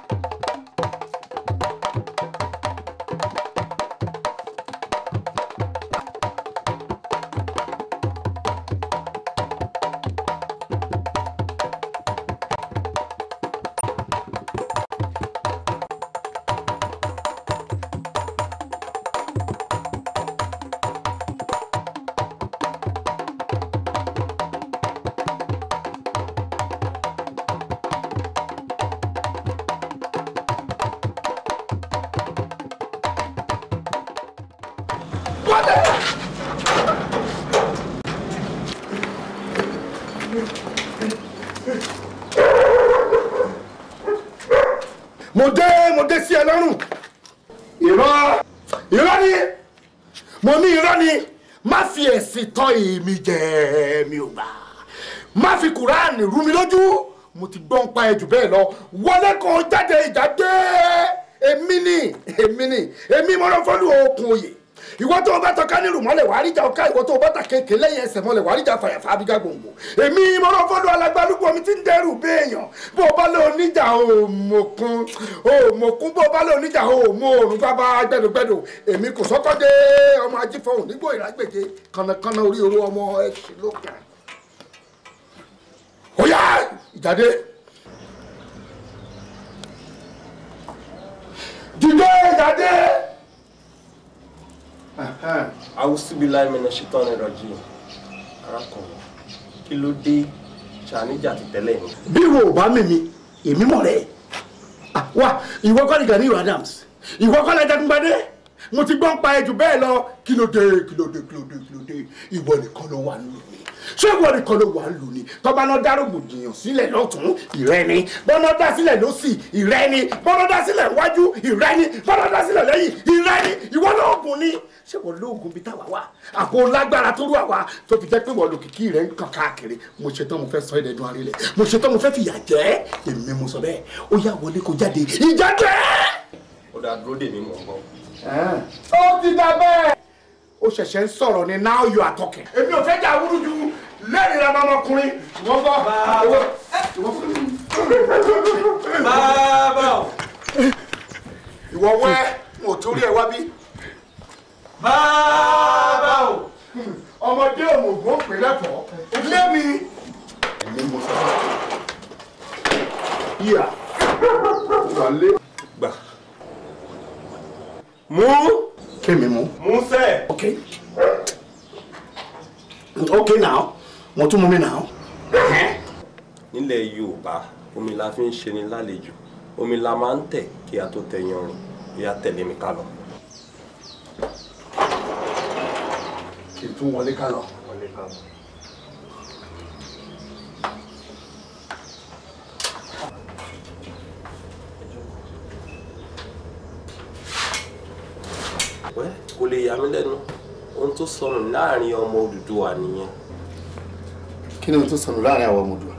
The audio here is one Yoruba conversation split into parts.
you mo dé mo dé sí ẹ lọ́rùn irọ́ irọ́ ni mo ní irọ́ ni má fi ẹ̀sìn tọ́ èmi jẹ mi ò gbà má fi kùránì rú mi lójú mo ti gbọ́n pa ẹ̀jù bẹ́ẹ̀ lọ wọlé kan jáde ìjà dé èmi ni èmi ni èmi mo lọ fọ́lù okùn òye ìwọ tó o bá tọ́ka nílùú mọ́lẹ̀ wàá ríjà ọ̀ka ìwọ tó o bá ta kéèké lẹ́yìn ẹsẹ̀ mọ́lẹ̀ wàá ríjà fàyàfà abígá gbòǹgbò èmi mọ́rọ́ fọ́dọ̀ alágbálúgbò mi ti ń dẹ́rù béèyàn bó o bá lé oníjà òmòkun òmòkun bó o bá lé oníjà òmò òrùn bàbá gbẹdùgbẹdù èmi kò sọ́kọ́dé ọmọ ajífọ̀hún nígbò ìrágbèje kànnàkànnà orí oró ọmọ ẹ̀ṣin lókè. ó yá ìjàdé. àwùsùbíláì mìíràn ṣetán ìrọ̀jì arákùnrin kí ló dé ṣàníjà ti tẹ́lẹ̀ mi. bí wo ò bá mímí èmi mọ̀ rẹ̀ wá ìwọ kọ́ ni Gani Adams ìwọ kọ́ lẹ́jà tó ń gbadé mo ti gbọ́n pa ẹjù bẹ́ẹ̀ lọ kí ló dé kí ló dé kí ló dé kí ló dé ìwọ nìkan ló wà nínú mi ṣé ìwọ nìkan ló wà ń lù tọ́ba náà dárògbò jìyàn sílẹ̀ lọ́tún ìrẹ́ ni bọ́nà dá sílẹ̀ lọ́sì ìrẹ́ ni bọ́nà dá sílẹ̀ wájú ìrẹ́ ni bọ́nà dá sílẹ̀ lẹ́yìn ìrẹ́ ni ìwọ náà gùn ni ṣé wọ́n lóògùn bíi táwa wà àbò lágbára tó rú àwa tó fi jẹ́ pé wọ́n lòkìkí rẹ̀ ń kàn káàkiri mo ṣe tán mo fẹ́ sọ ẹ̀dẹ̀dùn àrílẹ̀ mo ṣe tán mo fẹ́ fìyà jẹ́ èmi mo sọ bẹ́ẹ̀ ó yá wọlé kó jáde ìjà jẹ́. ó dáa dúró dè mí mọ̀ ọ́. ó ti dà bẹ́ẹ̀. ó ṣẹ̀ṣẹ̀ ń sọ̀rọ̀ ni now you are talking. èmi ò fẹ́ jà wúrú ju lẹ́rìí ra máa ọmọkùnrin ìwọ́n bọ́. bàbá ìwọ wẹ́ mo torí ẹ wá bí bàbá o. ọmọdé òmùgbọ́n pè lẹ́tọ̀ọ́ lémi. èmi mo sọ fún yíyà wàlé. gbà mú. kémi mú. mú sẹ́ẹ̀. ok ok now wọ́n tún mú mi now. nílẹ̀ yorùbá omi la fi ń ṣe ni lálejò omi la máa ń tẹ̀ kí a tó tẹ yanrìn kí a tẹ̀lé mi ká lọ. tún wọlé ká lọ. kò lè yà mí lẹ́nu ohun tó sọnù láàrin ọmọ Odùduwà nìyẹn. kí ni ohun tó sọnù láàrin àwọn ọmọ Odùduwà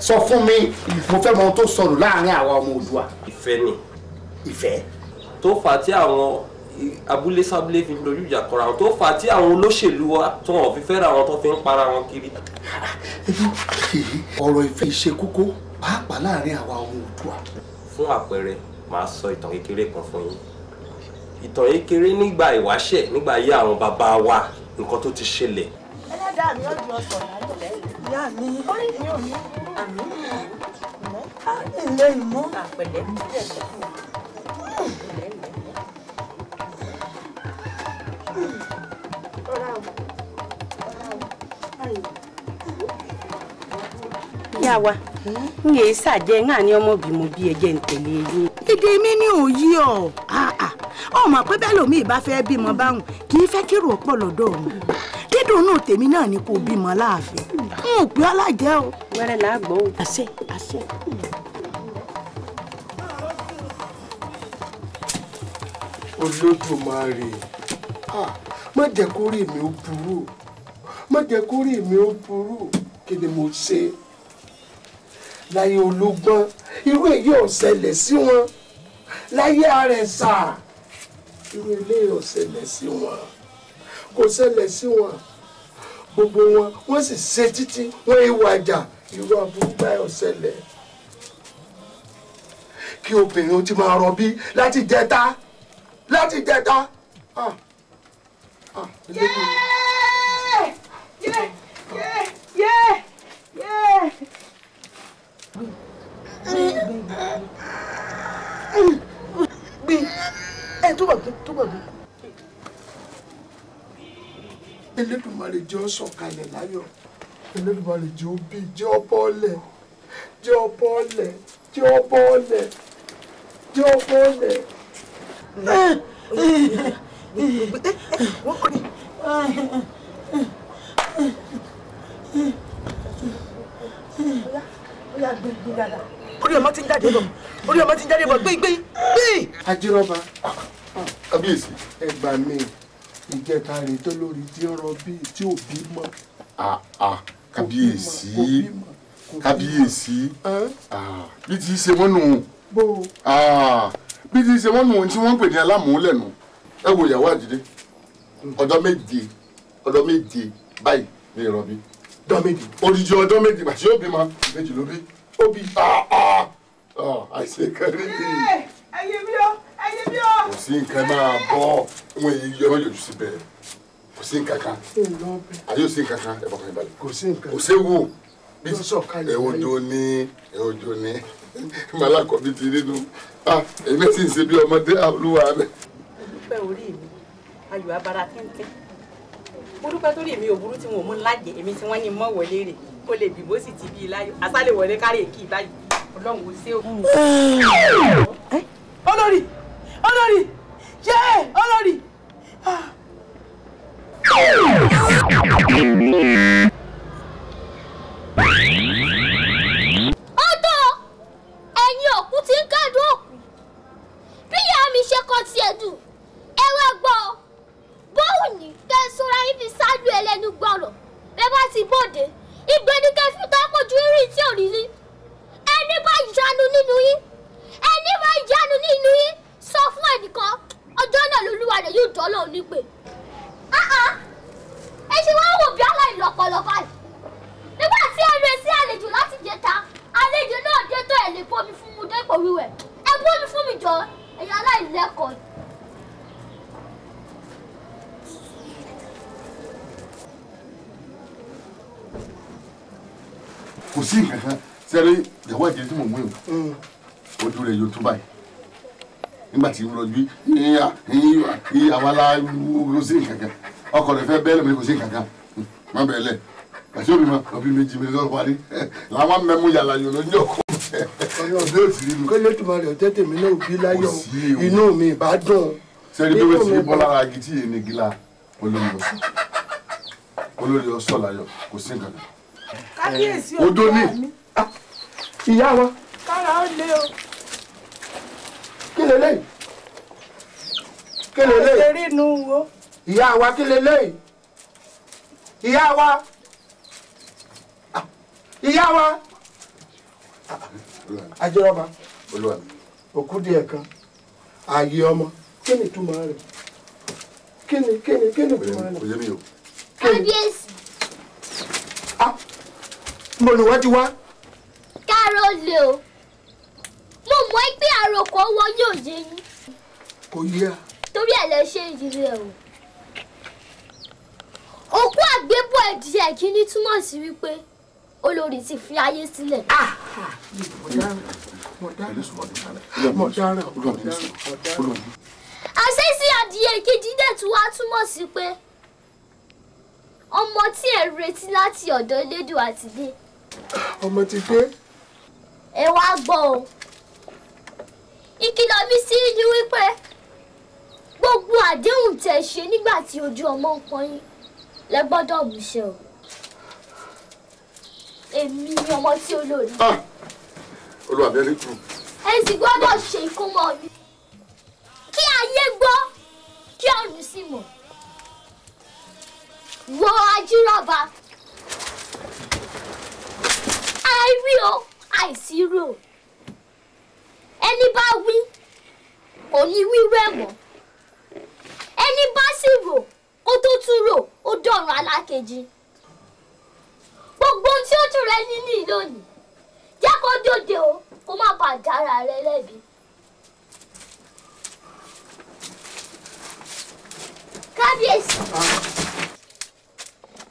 sọ fún mi mo fẹ́ mọ ohun tó sọnù láàrin àwọn ọmọ Odùduwà. ìfẹ́ ni. ìfẹ́. tó fà á tí àwọn abúlé sábúlé fi ń dojú ìjà kọra tó fà á tí àwọn olóṣèlú wa tó hàn fífẹ́ ra wọn tó fi ń para wọn kiri. ọ̀rọ̀ ìfẹ́ ṣe kókó pàápàá láàrin àwa ọmọ Oòduà. fún àpẹẹrẹ màá sọ ìtàn kékeré kan fún yín ìtàn kékeré nígbà ìwáṣẹ̀ nígbà ayé àwọn bàbá wa nǹkan tó ti ṣẹlẹ̀. ẹlẹ́dàá mi ò di ọ̀sán ìyá mi mi ò ní àmì ìlẹ̀ ìmọ̀ yawa, wa n yè é sàjẹ́ bi ọmọ mo bí eje ń mi ni ọ ọmọ pé bẹ́ẹ̀ lómi ìbá fẹ́ bímọ báwọn kì í fẹ́ kírò ọ̀pọ̀ lọ́dọ̀ tèmi náà ni kò láàfin n ò alájẹ o. wẹ́rẹ́ là gbọ́ o. àṣẹ àṣẹ. Ah. má jẹ́ kó rí mi ó burú má jẹ́ kó rí mi ó burú kí ni mo ṣe láyé ológbọ́n irú èyí ò ṣẹlẹ̀ sí wọn láyé àrẹ̀sà irú eléyìí ò ṣẹlẹ̀ sí wọn kò ṣẹlẹ̀ sí wọn gbogbo wọn wọ́n sì ṣe títí wọ́n ìwà irú aburú báyìí ò ṣẹlẹ̀ kí obìnrin ó ti máa rọbí láti jẹta láti jẹta. Ah. Yeah! Yeah! Elédùmarè jẹ́ ọ sọ̀kalẹ̀ láyọ̀ Elédùmarè jẹ́ ọ bí jẹ́ ọ bọ́ọ̀lẹ̀ jẹ́ ọ bọ́ọ̀lẹ̀ jẹ́ ọ bọ́ọ̀lẹ̀ jẹ́ ọ bọ́ọ̀lẹ̀ orí ọmọ ti ń jáde bọ̀ orí ọmọ ti ń jáde bọ̀ gbé gbé gbé. ajírọ́ba kábíyèsí ẹ gbà mí ìjẹta rèé tó lórí tí ń rọbí tí ò bí mọ́. kábíyèsí kábíyèsí bí ti ṣe wọ́n nù bí ti ṣe wọ́n nù ohun tí wọ́n pè ní alámúlẹ̀ nù ẹ wo ìyàwó àdìdé ọdọ méje ọdọ méje báyìí ní ìrọbí ọdọ méje odidi ọdọ méje bàtí yóò bímọ méjì ló bí ó bí ah, ah. Ah, àìsè kẹrin bí. ẹyin bí ó ẹyin bí ó. kò sí nǹkan máa bọ́ ohun èyí yọ ọyọ sí bẹ́ẹ̀ kò sí nǹkan kan àyè ò sí nǹkan kan ẹ bọkàn ìbàdàn kò sí nǹkan kò séwu bí ẹ ojo ní ẹ ojo ní màlá kọ bí ti nínú èmi sì ń ṣe bí ọmọdé olúwa rẹ dúpẹ́ orí mi ayọ̀ abara tíntín mo dúpẹ́ torí mi ò burú tí wọn ò mú lájẹ èmi tí wọ́n ní mọ́ wọlé rè kó lè bì bó sì ti bí i láyọ̀ asálẹ̀ wọlé kárí èkì báyìí ọlọ́run ò ṣe òun. olórí olórí yé olórí. Ah! sí nǹkan kan sẹ́rí ìyàwó ẹ̀jẹ̀ tí mò ń wé o mm. ojú rẹ̀ yóò tún báyìí nígbà tí mo lọ bí àwa la wúwo sí nǹkan kan ọkọ rẹ̀ fẹ́ bẹ́ẹ̀ lómi kò sí nǹkan kan mm, má bẹ́ẹ̀ lẹ̀ pàṣẹ òbí ma òbí méjì mi lọ́rùn parí làwọn mẹ́mú yàrá yòó ló ń jọ kó kọ́lẹ́tùmọ̀ rẹ̀ ọ̀tẹ́ tèmi náà bí láyọ̀ inú mi ìbá dùn. sẹ́ni bí wọ́n ti bọ́ lára igi tí èmi gila olórí ọ̀sọ̀ láyọ̀ kò sí nǹkan kan kábíyèsí òdo ní ah, ìyá wa. kára ó lé o. kí lè léyìí kí lè léyìí. àṣírí inú wo. ìyá wa kí lè léyìí ìyá wa ah, ìyá wa ah, ajọba òkú díẹ̀ kan ààyè ọmọ kí ni túmọ̀ rẹ̀ kí ni kí ni kí ni túmọ̀ rẹ̀. kábíyèsí mo lè wá ti wá. káró lè o mo mọ̀ pé àròkọ wọn yóò yé yín. kò yé a. torí ẹ̀ lẹ ṣe ìdílé o. òkú àgbébọ̀ ẹ̀dìyẹ kìíní túmọ̀ sí wípé olórí ti fi ayé sílẹ̀. Ah, ah, àṣẹ sí adìyẹ kejì dẹ̀ tún wá túmọ̀ sí pé ọmọ tí ẹ̀ ń retí láti ọ̀dọ̀ elédùn àtìlé ọmọ ti pé. ẹ wá gbọ́ o ìkìlọ̀ mi sí ni wípé gbogbo àdéhùn tẹ́ ṣe nígbà tí ojú ọmọ ń pọ́n yín lẹ gbọ́dọ̀ mú ṣe o èmi ni ọmọ tí olórí. Ah! olúwa mi rí kùn. ẹ sì gbọ́dọ̀ ṣe ìkómọ mi kí ayé gbọ́ kí ọ̀run sì mọ̀ wọ ajírọ̀bà rí o àìsí rí o ẹni bá wí kò ní wíwú ẹ̀ mọ́ ẹni bá sì rò kó tó tún rò ó dọ̀rùn alákejì gbogbo ohun tí ó tún rẹ nílì lónìí jẹ́ kó dòde o kó má bàa dára rẹ lẹ́bi. kábíyèsí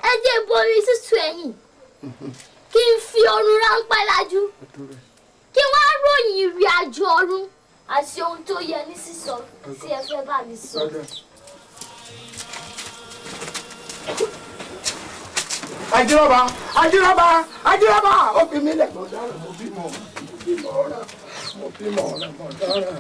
ẹ jẹ́ borí sísun ẹ̀yìn kí n fi ọ̀run ráńpẹ́ lajú kí wọ́n á ròyìn ìrìn àjò ọ̀run àti ohun tó yẹ ní sísọ tí ẹ fẹ́ bá mi sọ. ajírọ́bà ajírọ́bà ajírọ́bà ó fi mí lẹ̀ mọ́ mo bímọ mo bímọ ọ̀ràn mo bímọ ọ̀ràn mọ́ dára.